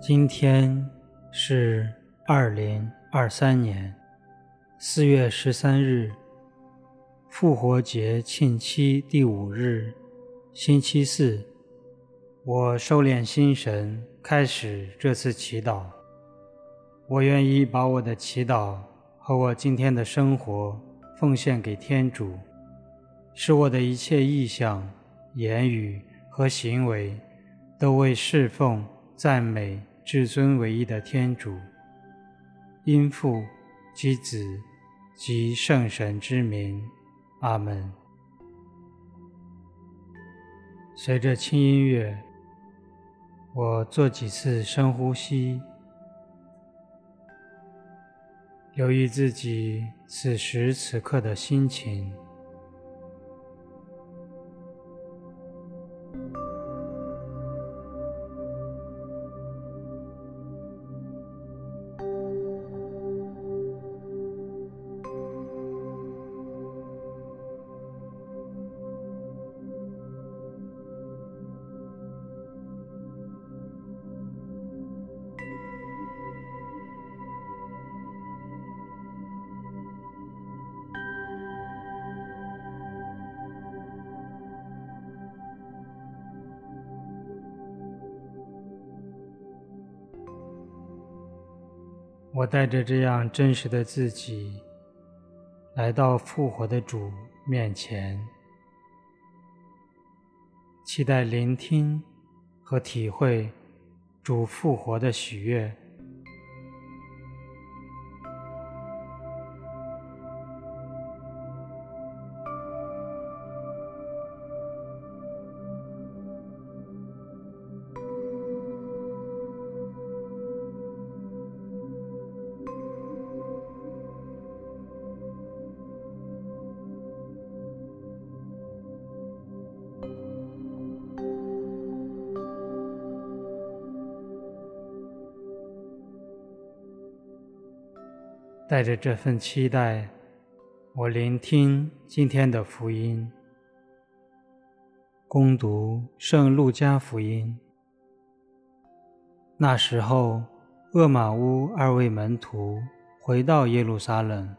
今天是二零二三年四月十三日，復活節慶期第五日，星期四。我收斂心神，開始這次祈禱。我願意把我的祈禱和我今天的生活奉獻給天主，使我的一切意向、言語和行為都為侍奉、讚美。至尊唯一的天主，因父、及子、及聖神之名，阿門。隨着輕音樂，我做幾次深呼吸，留意自己此時此刻的心情。我帶着這樣真實的自己，來到復活的主面前，期待聆聽和體會主復活的喜悅。帶着這份期待，我聆聽今天的福音，恭讀《聖路加福音》。那時候，厄瑪烏二位門徒回到耶路撒冷，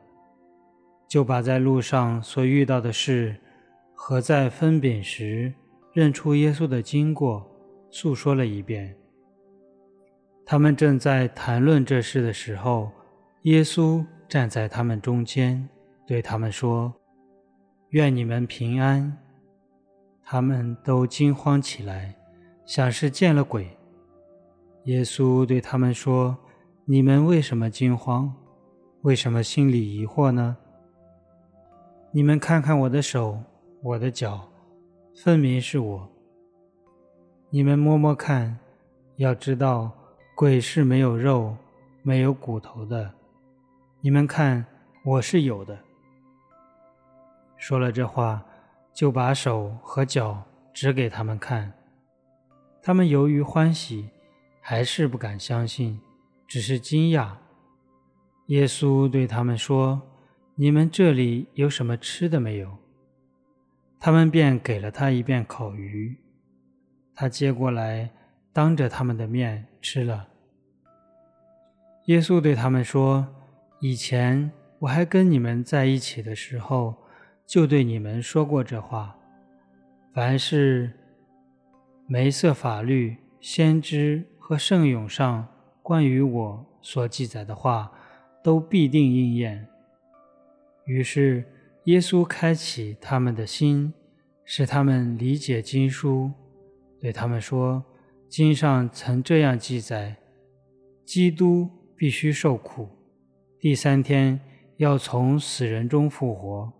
就把在路上所遇到的事和在分餅時認出耶穌的經過訴說了一遍。他們正在談論這事的時候，耶穌站在他們中間，對他們說：“願你們平安。”他們都驚慌起來，想是見了鬼。耶穌對他們說：“你們為什麼驚慌？為什麼心裡疑惑呢？你們看看我的手、我的腳，分明是我。你們摸摸看，要知道鬼是沒有肉、沒有骨頭的。”你們看，我是有的。說了這話，就把手和腳指給他們看。他們由於歡喜，還是不敢相信，只是驚訝。耶穌對他們說：“你們這裡有什麼吃的沒有？”他們便給了他一片烤魚，他接過來，當着他們的面吃了。耶穌對他們說，以前我還跟你們在一起的時候，就對你們說過這話：凡是梅瑟法律、先知和聖詠上關於我所記載的話，都必定應驗。於是耶穌開啟他們的心，使他們理解經書，對他們說：經上曾這樣記載：基督必須受苦。第三天要從死人中復活，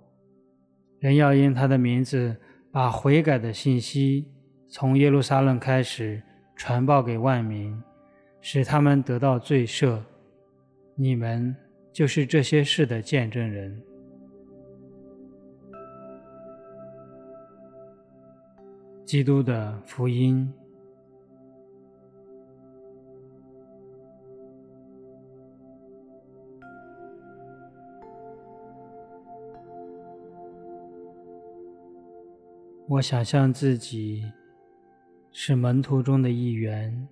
人要因他的名字把悔改的信息從耶路撒冷開始傳報給萬民，使他們得到罪赦。你們就是這些事的見證人。基督的福音。我想象自己是門徒中的一員，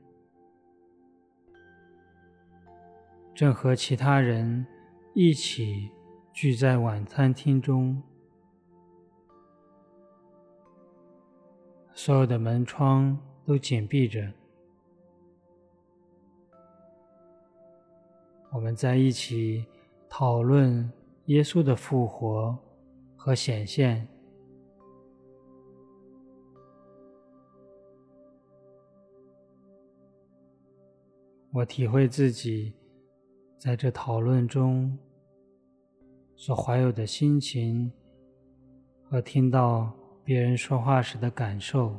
正和其他人一起聚在晚餐廳中。所有的門窗都緊閉着。我們在一起討論耶穌的復活和顯現。我體會自己在這討論中所懷有的心情和聽到別人說話時的感受。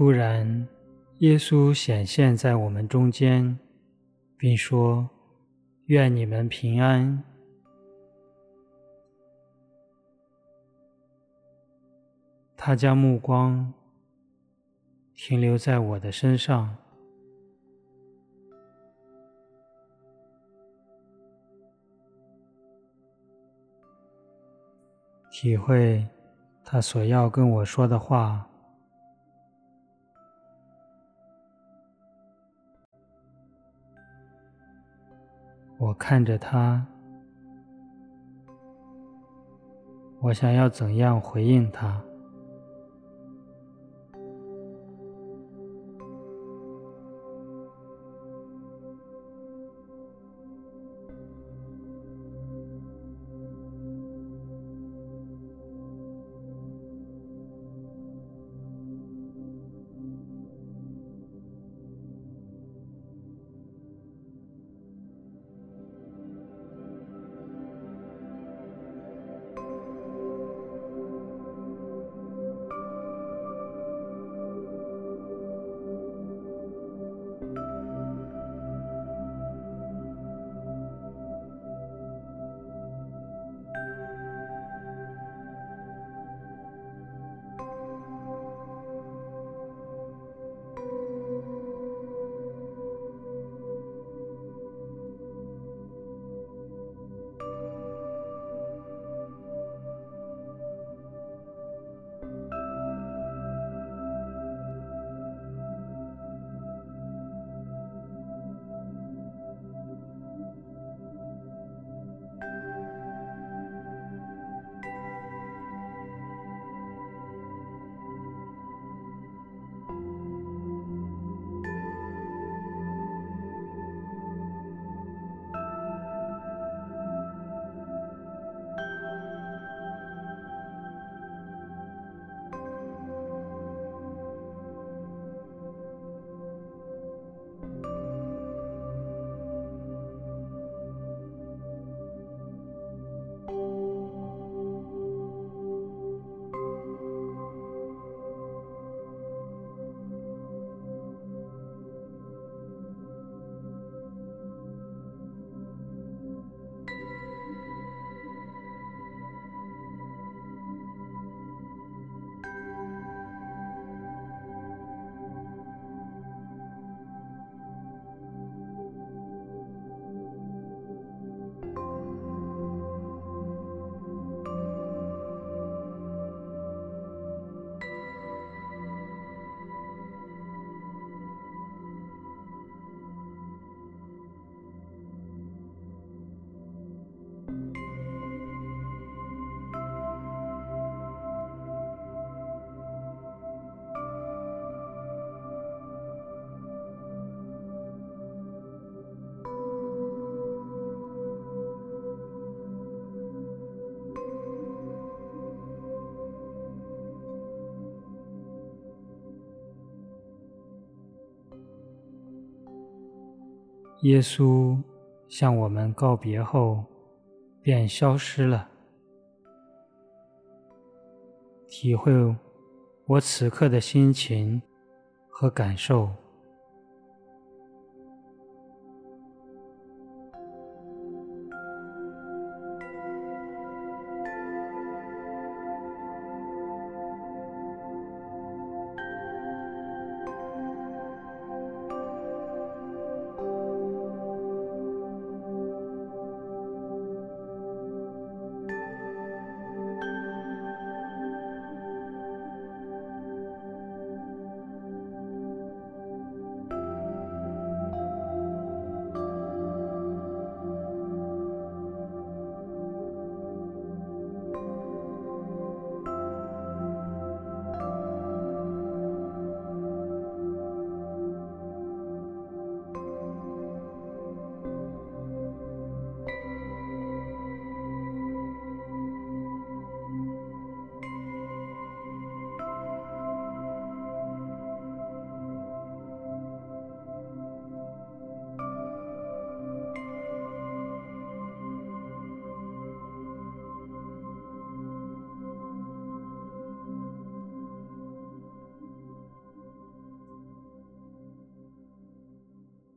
突然，耶穌顯現在我們中間，並說：“願你們平安。”他將目光停留在我的身上，體會他所要跟我說的話。我看着他，我想要怎樣回應他？耶穌向我們告別後，便消失了。體會我此刻的心情和感受。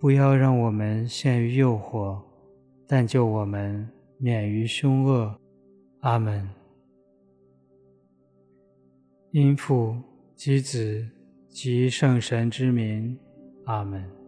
不要讓我們陷於誘惑，但救我們免於凶惡，阿門。因父及子及聖神之名，阿門。